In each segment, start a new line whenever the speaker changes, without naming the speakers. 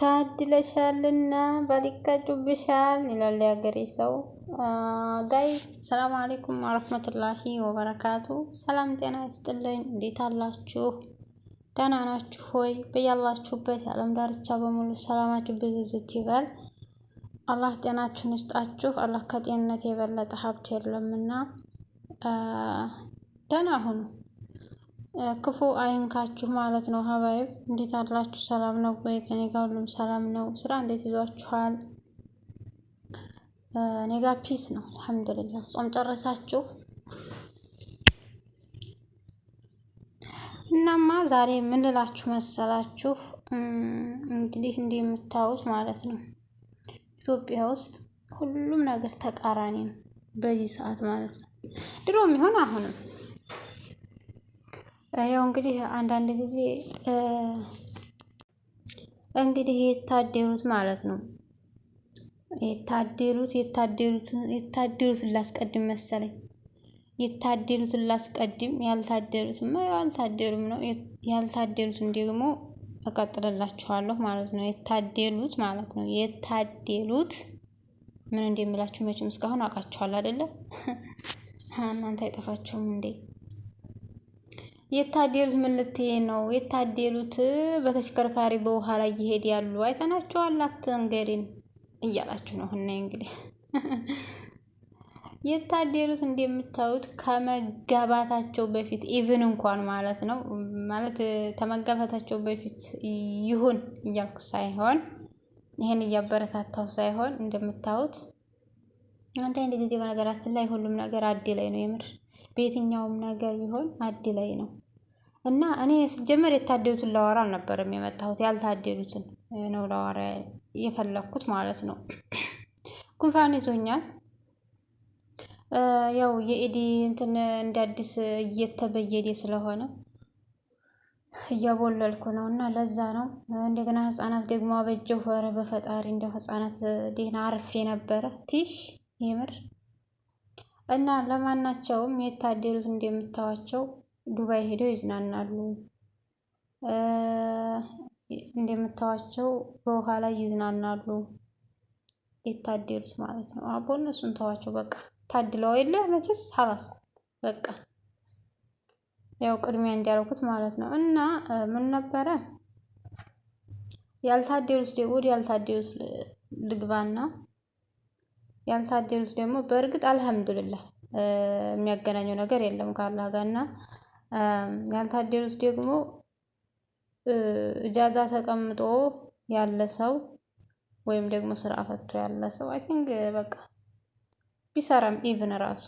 ታድለሻልና ባሊቃጩብሻል ይላል የሀገሬ ሰው። ጋይ ሰላም አለይኩም ወረህመቱላሂ ወበረካቱ። ሰላም ጤና ይስጥልኝ። እንዴት አላችሁ? ደህና ናችሁ ሆይ? በያላችሁበት የዓለም ዳርቻ በሙሉ ሰላማችሁ ብዝዝት ይበል። አላህ ጤናችሁን ይስጣችሁ። አላህ ከጤንነት የበለጠ ሀብት የለምና ደህና ሁኑ። ክፉ አይንካችሁ ማለት ነው። ሀባይብ እንዴት አላችሁ? ሰላም ነው ወይ? ከኔ ጋር ሁሉም ሰላም ነው። ስራ እንዴት ይዟችኋል? እኔ ጋር ፒስ ነው አልሐምዱሊላህ። ጾም ጨረሳችሁ? እናማ ዛሬ የምንላችሁ መሰላችሁ? እንግዲህ እንደምታዩት ማለት ነው ኢትዮጵያ ውስጥ ሁሉም ነገር ተቃራኒ ነው በዚህ ሰዓት ማለት ነው። ድሮም ይሆን አሁንም ያው እንግዲህ አንዳንድ ጊዜ እንግዲህ የታደሉት ማለት ነው የታደሉት የታደሉትን የታደሉትን ላስቀድም መሰለኝ የታደሉትን ላስቀድም፣ ያልታደሉትማ ያው አልታደሉም ነው። ያልታደሩትን ደግሞ እቀጥልላችኋለሁ ማለት ነው። የታደሉት ማለት ነው የታደሉት ምን እንደምላችሁ መቼም እስካሁን አውቃችኋል አይደለ? እናንተ አይጠፋችሁም እንዴ? የታደሉት ምን ነው? የታደሉት በተሽከርካሪ በውሃ ላይ ይሄድ ያሉ አይተናቸዋል። አትንገሪን እያላችሁ ነው። እና እንግዲህ የታደሉት እንደምታዩት ከመጋባታቸው በፊት ኢቭን እንኳን ማለት ነው ማለት ከመጋባታቸው በፊት ይሁን እያልኩ ሳይሆን ይህን እያበረታታው ሳይሆን እንደምታዩት አንዳንድ ጊዜ በነገራችን ላይ ሁሉም ነገር አዴ ላይ ነው የምር በየትኛውም ነገር ቢሆን ማዕድ ላይ ነው እና እኔ ስጀመር የታደዱትን ላወራ አልነበረም የመጣሁት ያልታደሉትን ነው ላወራ የፈለግኩት ማለት ነው። ጉንፋን ይዞኛል። ያው የኢዲ እንትን እንደ አዲስ እየተበየደ ስለሆነ እያቦለልኩ ነው እና ለዛ ነው። እንደገና ህጻናት ደግሞ አበጀሁ። ኧረ በፈጣሪ እንደው ህጻናት ደህና አርፌ ነበረ ቲሽ የምር እና ለማናቸውም የታደሉት እንደምታዋቸው ዱባይ ሄደው ይዝናናሉ። እንደምታዋቸው በውሃ ላይ ይዝናናሉ። የታደሉት ማለት ነው። አቦ እነሱን ተዋቸው በቃ ታድለው የለ መቼስ ሀላስ በቃ ያው ቅድሚያ እንዲያደርጉት ማለት ነው። እና ምን ነበረ ያልታደሉት ወደ ያልታደሉት ልግባና ያልታደሉት ደግሞ በእርግጥ አልሐምዱልላህ የሚያገናኘው ነገር የለም ከአላህ ጋር እና ያልታደሉት ደግሞ እጃዛ ተቀምጦ ያለ ሰው ወይም ደግሞ ስራ ፈቶ ያለ ሰው አይ ቲንክ በቃ ቢሰራም ኢቭን ራሱ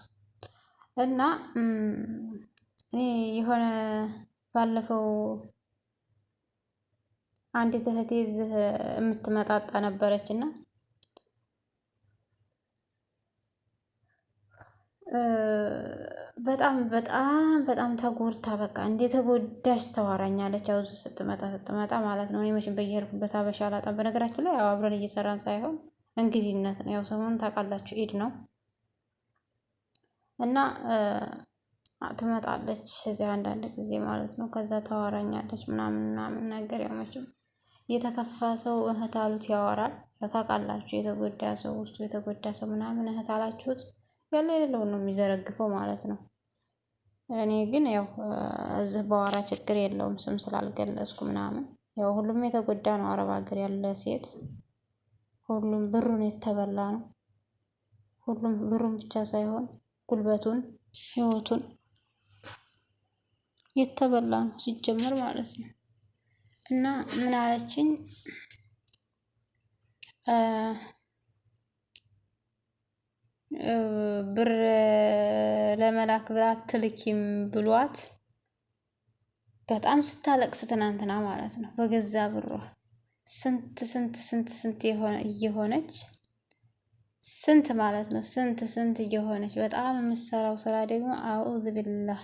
እና እኔ የሆነ ባለፈው አንድ እህቴ የምትመጣጣ ነበረች እና በጣም በጣም በጣም ተጎድታ በቃ እንደ ተጎዳች ተዋራኛለች። አውዙ ስትመጣ ስትመጣ ማለት ነው። እኔ መቼም በየሄድኩበት አበሻ አላጣም። በነገራችን ላይ ያው አብረን እየሰራን ሳይሆን እንግድነት ነው። ያው ሰሞኑን ታውቃላችሁ ኢድ ነው እና ትመጣለች እዚያ አንዳንድ ጊዜ ማለት ነው። ከዛ ተዋራኛለች ምናምን ምናምን ነገር ያው መቼም የተከፋ ሰው እህት አሉት ያወራል። ታውቃላችሁ የተጎዳ ሰው ውስጡ የተጎዳ ሰው ምናምን እህት አላችሁት ገላ ነው የሚዘረግፈው ማለት ነው። እኔ ግን ያው እዚህ በኋላ ችግር የለውም ስም ስላልገለጽኩ ምናምን ያው ሁሉም የተጎዳ ነው። አረብ ሀገር ያለ ሴት ሁሉም ብሩን የተበላ ነው። ሁሉም ብሩን ብቻ ሳይሆን ጉልበቱን፣ ህይወቱን የተበላ ነው ሲጀመር ማለት ነው። እና ምን አለችኝ ብር ለመላክ ብላ ትልኪም ብሏት በጣም ስታለቅስ ትናንትና ማለት ነው። በገዛ ብሯ ስንት ስንት ስንት ስንት እየሆነች ስንት ማለት ነው ስንት ስንት እየሆነች በጣም የምትሰራው ስራ ደግሞ አዑዝ ቢላህ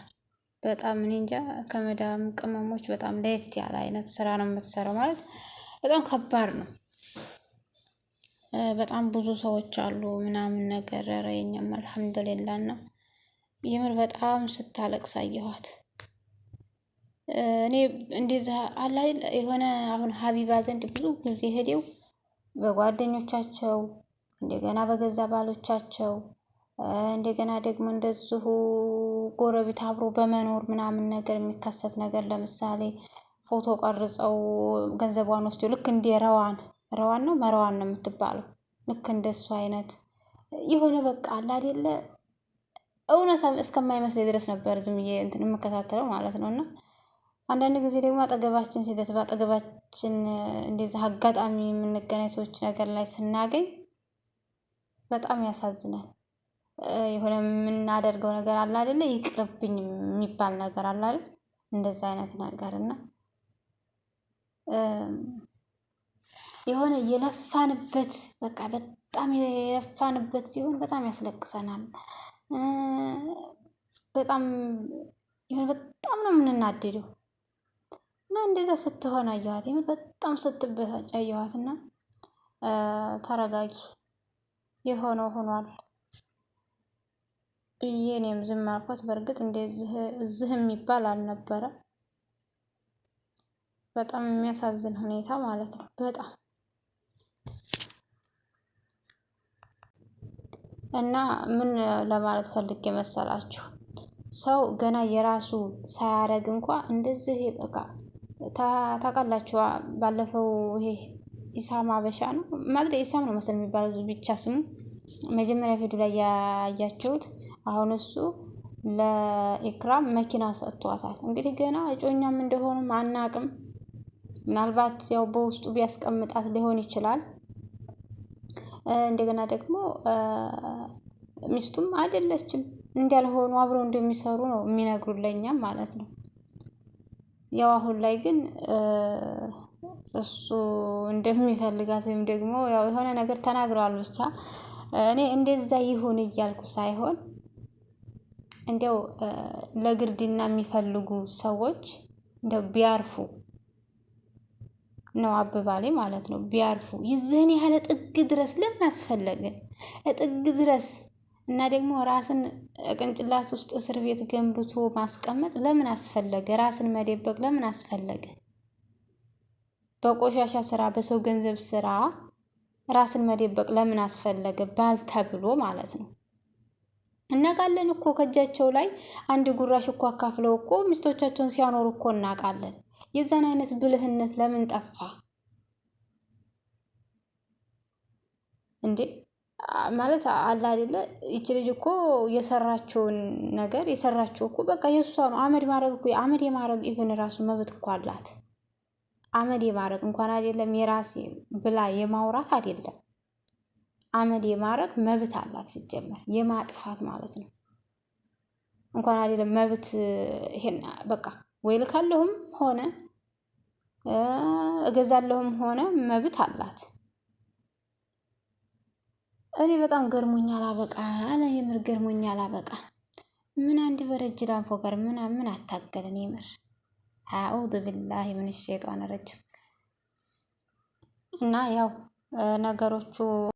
በጣም ኒንጃ ከመዳም ቅመሞች በጣም ለየት ያለ አይነት ስራ ነው የምትሰራው ማለት በጣም ከባድ ነው። በጣም ብዙ ሰዎች አሉ ምናምን ነገር ኧረ የኛም አልሐምዱሊላ ነው። የምር በጣም ስታለቅስ አየኋት። እኔ እንደዛ አላይ የሆነ አሁን ሀቢባ ዘንድ ብዙ ጊዜ ሄደው በጓደኞቻቸው እንደገና በገዛ ባሎቻቸው እንደገና ደግሞ እንደዚሁ ጎረቤት አብሮ በመኖር ምናምን ነገር የሚከሰት ነገር ለምሳሌ ፎቶ ቀርጸው ገንዘቧን ወስደው ልክ እንደ ረዋን ረዋን ነው መረዋን ነው የምትባለው። ልክ እንደሱ አይነት የሆነ በቃ አለ አይደለ እውነት እስከማይመስል ድረስ ነበር ዝምዬ እንትን የምከታተለው ማለት ነው። እና አንዳንድ ጊዜ ደግሞ አጠገባችን ሲደርስ በአጠገባችን እንደዚህ አጋጣሚ የምንገናኝ ሰዎች ነገር ላይ ስናገኝ በጣም ያሳዝናል። የሆነ የምናደርገው ነገር አለ አይደለ ይቅርብኝ የሚባል ነገር አለ አይደል አይነት ነገር እና የሆነ የለፋንበት በቃ በጣም የለፋንበት ሲሆን በጣም ያስለቅሰናል። በጣም የሆነ በጣም ነው የምንናደደው እና እንደዛ ስትሆን አየኋት። የምር በጣም ስትበሳጭ አየኋት እና ተረጋጊ የሆነው ሆኗል ብዬ እኔም ዝም አልኳት። በእርግጥ እንደዚህ እዚህ የሚባል አልነበረ። በጣም የሚያሳዝን ሁኔታ ማለት ነው በጣም እና ምን ለማለት ፈልግ መሰላችሁ ሰው ገና የራሱ ሳያረግ እንኳ እንደዚህ በቃ ታውቃላችሁ። ባለፈው ይሄ ኢሳም አበሻ ነው ማለት ኢሳም ነው መሰለኝ የሚባለው ብቻ ስሙ መጀመሪያ ፊዱ ላይ ያያችሁት። አሁን እሱ ለኢክራም መኪና ሰጥቷታል። እንግዲህ ገና እጮኛም እንደሆኑ አናቅም። ምናልባት ያው በውስጡ ቢያስቀምጣት ሊሆን ይችላል። እንደገና ደግሞ ሚስቱም አይደለችም እንዳልሆኑ አብረው እንደሚሰሩ ነው የሚነግሩ ለእኛም ማለት ነው። ያው አሁን ላይ ግን እሱ እንደሚፈልጋት ወይም ደግሞ ያው የሆነ ነገር ተናግረዋል። ብቻ እኔ እንደዛ ይሁን እያልኩ ሳይሆን እንዲያው ለግርድና የሚፈልጉ ሰዎች እንዲያው ቢያርፉ ነው አበባሌ ማለት ነው ቢያርፉ ይዝህን ያህል ጥግ ድረስ ለምን አስፈለገ? ጥግ ድረስ እና ደግሞ ራስን ቅንጭላት ውስጥ እስር ቤት ገንብቶ ማስቀመጥ ለምን አስፈለገ? ራስን መደበቅ ለምን አስፈለገ? በቆሻሻ ስራ፣ በሰው ገንዘብ ስራ ራስን መደበቅ ለምን አስፈለገ? ባል ተብሎ ማለት ነው። እናውቃለን እኮ ከእጃቸው ላይ አንድ ጉራሽ እኮ አካፍለው እኮ ሚስቶቻቸውን ሲያኖሩ እኮ እናውቃለን። የዛን አይነት ብልህነት ለምን ጠፋ እንዴ? ማለት አለ አይደለ? ይቺ ልጅ እኮ የሰራችውን ነገር የሰራችው እኮ በቃ የእሷ ነው። አመድ ማድረግ እኮ አመድ የማድረግ ኢቭን ራሱ መብት እኮ አላት። አመድ የማድረግ እንኳን አይደለም የራሴ ብላ የማውራት አይደለም አመድ የማድረግ መብት አላት። ሲጀመር የማጥፋት ማለት ነው። እንኳን አይደለም መብት ይሄን በቃ ወይ ልካለሁም ሆነ እገዛለሁም ሆነ መብት አላት። እኔ በጣም ገርሞኛ አላበቃ አለ የምር ገርሞኛ አላበቃ። ምን አንድ በረጅ ዳንፎ ጋር ምን ምን አታገልን የምር አዑዙ ቢላሂ ምን ሸይጣን ረጅም እና ያው ነገሮቹ